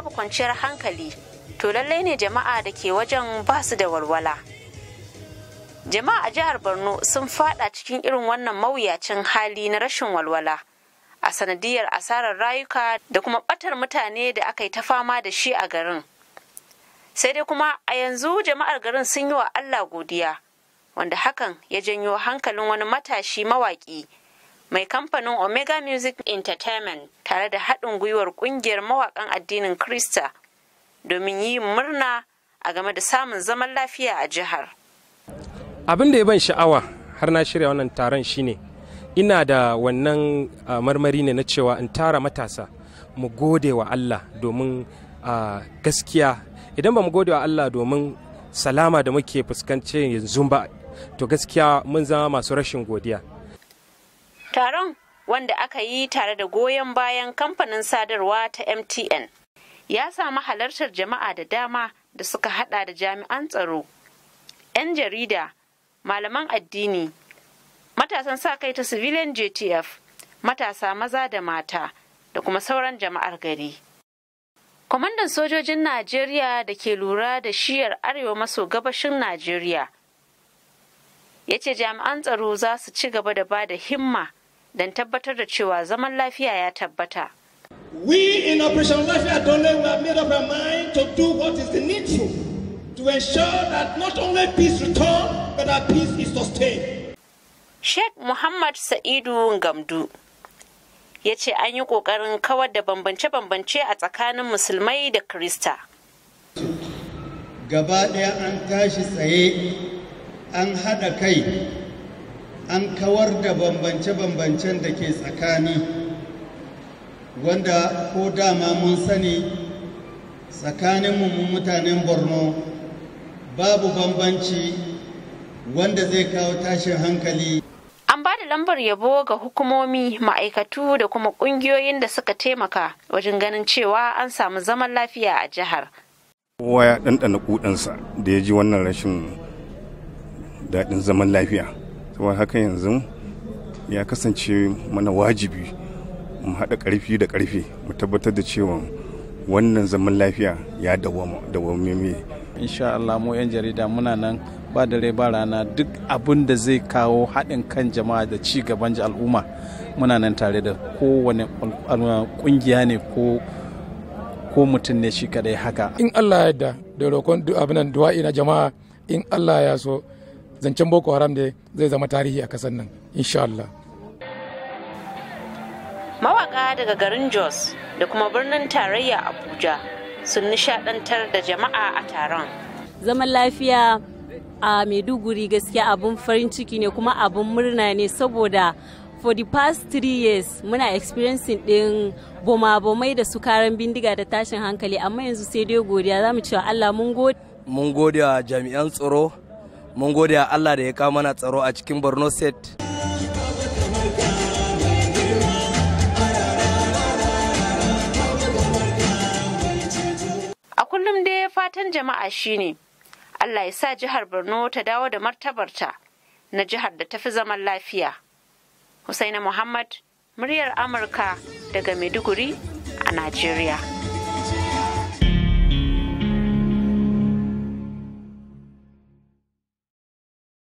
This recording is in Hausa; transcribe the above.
babu kwanciyar hankali to lallai ne jama'a da ke wajen ba su da walwala jama'a a jihar borno sun fada cikin irin wannan mawuyacin hali na rashin walwala a sanadiyar asarar rayuka da kuma batar mutane da aka yi ta fama da shi a garin sai dai kuma a yanzu jama'ar garin sun yi wa allah godiya wanda hakan ya janyo hankalin wani matashi mawaƙi mai kamfanin Omega Music Entertainment tare da haɗin gwiwar ƙungiyar mawaƙan addinin Krista domin yi murna a game da samun zaman lafiya a jihar. Abin da ya ban sha'awa har na shirya wannan taron shine ina da wannan ah, marmari ne na cewa in tara matasa mu gode wa Allah domin ah, gaskiya idan ba mu gode wa Allah domin salama da muke fuskance yanzu ba to gaskiya mun zama masu rashin godiya taron wanda aka yi tare da goyon bayan kamfanin sadarwa ta mtn ya samu halartar jama'a da dama da suka hada da jami'an tsaro 'yan jarida malaman addini matasan sa kai ta civilian jtf matasa maza da mata da kuma sauran jama'ar gari kwamandan sojojin najeriya da ke lura da shiyar arewa maso gabashin najeriya ya ce jami'an tsaro za su ci gaba da ba da himma don tabbatar da cewa zaman lafiya ya tabbata. We in Operation Welfare Dole we have made up our mind to do what is the needful to ensure that not only peace return but that peace is sustained. Sheikh Muhammad Sa'idu Gamdu ya ce an yi ƙoƙarin kawar da bambance-bambance a tsakanin musulmai da Krista. Gaba ɗaya an tashi tsaye an haɗa kai an kawar da bambance-bambancen da ke tsakani wanda ko dama mun sani tsakaninmu mutanen borno babu bambanci wanda zai kawo tashin hankali an ba da lambar yabo ga hukumomi ma'aikatu da kuma ƙungiyoyin da suka taimaka wajen ganin cewa an samu zaman lafiya a jihar kowa ya ɗanɗana kudansa da ya ji wannan rashin daɗin zaman lafiya wa haka yanzu ya kasance mana wajibi mu haɗa ƙarfi da ƙarfi mu tabbatar da cewa wannan zaman lafiya ya dawwame insha Allah mu 'yan jarida muna nan ba dare ba rana duk abin da zai kawo haɗin kan jama'a da ci gaban al'umma muna nan tare da kowane ƙungiya ne ko ko mutum ne shi kadai haka in Allah ya yarda da roƙon abin nan duwa'i na jama'a in Allah ya so zancen boko haram da zai zama tarihi a kasar nan insha Allah mawaka daga garin Jos da kuma birnin tarayya Abuja sun nishadantar da jama'a a taron zaman lafiya a Maiduguri gaskiya abun farin ciki ne kuma abun murna ne saboda for the past three years muna experiencing din boma-bomai da sukaran bindiga da tashin hankali amma yanzu sai dai godiya za mu cewa Allah mun gode. Mun gode a jami'an tsaro mun gode Allah da ya kawo mana tsaro a cikin Borno State. A kullum dai fatan jama'a shine Allah ya sa jihar Borno ta dawo da martabarta na jihar da tafi zaman lafiya. Husaina Muhammad, muryar Amurka daga Maiduguri a Najeriya.